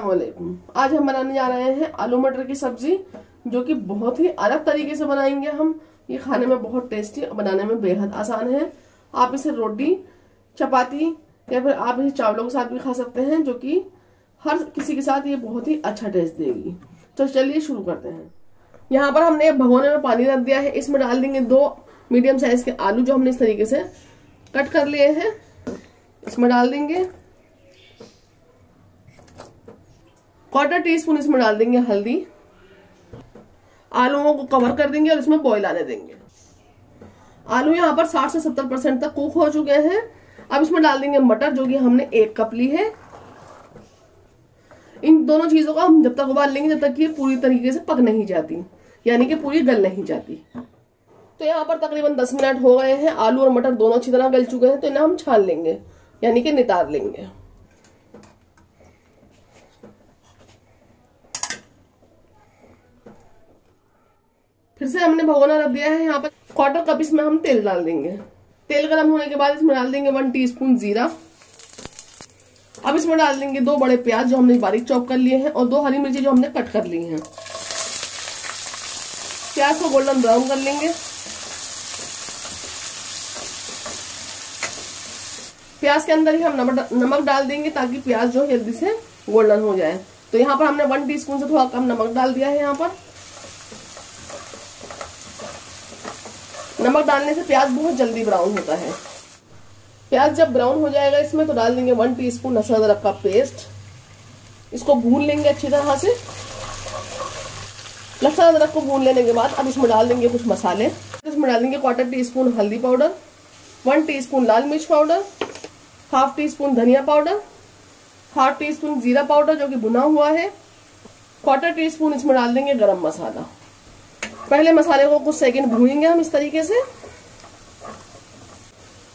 असलम आज हम बनाने जा रहे हैं आलू मटर की सब्जी जो कि बहुत ही अलग तरीके से बनाएंगे हम ये खाने में बहुत टेस्टी और बनाने में बेहद आसान है आप इसे रोटी चपाती या फिर आप इसे चावलों के साथ भी खा सकते हैं जो कि हर किसी के साथ ये बहुत ही अच्छा टेस्ट देगी तो चलिए शुरू करते हैं यहाँ पर हमने भगोने में पानी रख दिया है इसमें डाल देंगे दो मीडियम साइज के आलू जो हमने इस तरीके से कट कर लिए हैं इसमें डाल देंगे क्वार्टर टी स्पून इसमें डाल देंगे हल्दी आलूओं को कवर कर देंगे और इसमें बॉईल आने देंगे आलू यहाँ पर 60 से 70 परसेंट तक कुक हो चुके हैं अब इसमें डाल देंगे मटर जो कि हमने एक कप ली है इन दोनों चीज़ों को हम जब तक उबाल लेंगे जब तक ये पूरी तरीके से पक नहीं जाती यानी कि पूरी गल नहीं जाती तो यहाँ पर तकरीबन 10 मिनट हो गए हैं आलू और मटर दोनों अच्छी तरह गल चुके हैं तो इन्हें हम छान लेंगे यानी कि नितार लेंगे जैसे हमने भगोना रख दिया है यहाँ पर क्वार्टर कप इसमें हम तेल डाल देंगे तेल गर्म होने के बाद इसमें डाल देंगे वन टी जीरा अब इसमें डाल देंगे दो बड़े प्याज जो हमने बारीक चॉप कर लिए हैं और दो हरी मिर्ची जो हमने कट कर ली हैं प्याज को गोल्डन ब्राउन कर लेंगे प्याज के अंदर ही हम नमक नमक डाल देंगे ताकि प्याज जो हेल्दी से गोल्डन हो जाए तो यहाँ पर हमने वन टीस्पून से थोड़ा कम नमक डाल दिया है यहाँ पर नमक डालने से प्याज बहुत जल्दी ब्राउन होता है प्याज जब ब्राउन हो जाएगा इसमें तो डाल देंगे वन टीस्पून स्पून अदरक का पेस्ट इसको भून लेंगे अच्छी तरह से लहसुन अदरक को भून लेने के बाद अब इसमें डाल देंगे कुछ मसाले इसमें डाल देंगे क्वार्टर टी स्पून हल्दी पाउडर वन स्पून लाल मिर्च पाउडर हाफ टी स्पून धनिया पाउडर हाफ टी स्पून जीरा पाउडर जो कि भुना हुआ है क्वार्टर टी स्पून इसमें डाल देंगे गरम मसाला पहले मसाले को कुछ सेकंड भूनेंगे हम इस तरीके से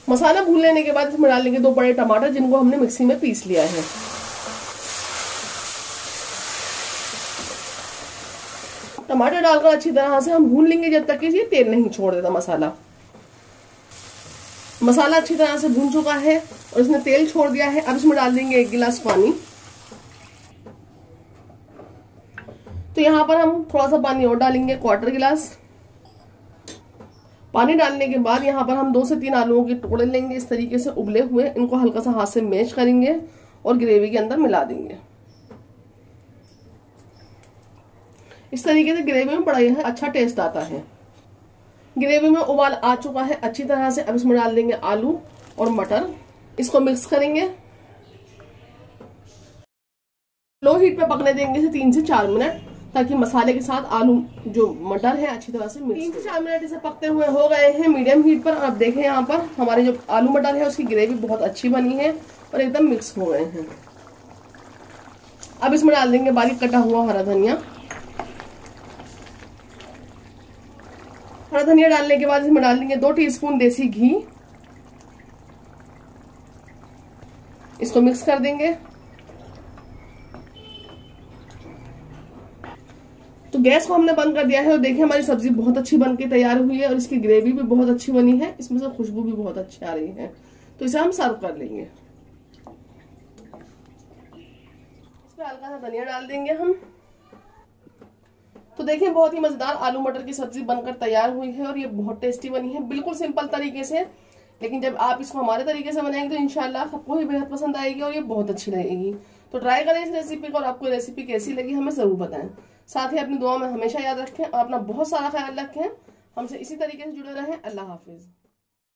मसाला भून लेने के बाद इसमें डालेंगे दो बड़े टमाटर जिनको हमने मिक्सी में पीस लिया है टमाटर डालकर अच्छी तरह से हम भून लेंगे जब तक कि ये तेल नहीं छोड़ देता मसाला मसाला अच्छी तरह से भून चुका है और इसने तेल छोड़ दिया है अब इसमें डाल देंगे एक गिलास पानी तो यहाँ पर हम थोड़ा सा पानी और डालेंगे क्वार्टर गिलास पानी डालने के बाद यहाँ पर हम दो से तीन आलूओं के टुकड़े लेंगे इस तरीके से उबले हुए इनको हल्का सा हाथ से मैश करेंगे और ग्रेवी के अंदर मिला देंगे इस तरीके से ग्रेवी में पड़ा यह अच्छा टेस्ट आता है ग्रेवी में उबाल आ चुका है अच्छी तरह से अब इसमें डाल देंगे आलू और मटर इसको मिक्स करेंगे लो हीट पे पकने देंगे से तीन से चार मिनट ताकि मसाले के साथ आलू जो मटर है अच्छी तरह से तीन से चार मिनट इसे पकते हुए हो गए हैं मीडियम हीट पर आप देखें यहाँ पर हमारे जो आलू मटर है उसकी ग्रेवी बहुत अच्छी बनी है और एकदम मिक्स हो गए हैं अब इसमें डाल देंगे बारीक कटा हुआ हरा धनिया हरा धनिया डालने के बाद इसमें डाल देंगे दो टी देसी घी इसको मिक्स कर देंगे गैस को हमने बंद कर दिया है और देखिए हमारी सब्जी बहुत अच्छी बन के तैयार हुई है और इसकी ग्रेवी भी बहुत अच्छी बनी है इसमें से खुशबू भी बहुत अच्छी आ रही है तो इसे हम सर्व कर लेंगे इसमें हल्का सा धनिया डाल देंगे हम तो देखिए बहुत ही मजेदार आलू मटर की सब्जी बनकर तैयार हुई है और ये बहुत टेस्टी बनी है बिल्कुल सिंपल तरीके से लेकिन जब आप इसको हमारे तरीके से बनाएंगे तो इनशाला सबको ही बेहद पसंद आएगी और ये बहुत अच्छी रहेगी तो ट्राई करें इस रेसिपी को और आपको रेसिपी कैसी लगी हमें ज़रूर बताएं साथ ही अपनी दुआ में हमेशा याद रखें और अपना बहुत सारा ख्याल रखें हमसे इसी तरीके से जुड़े रहें अल्लाह हाफिज़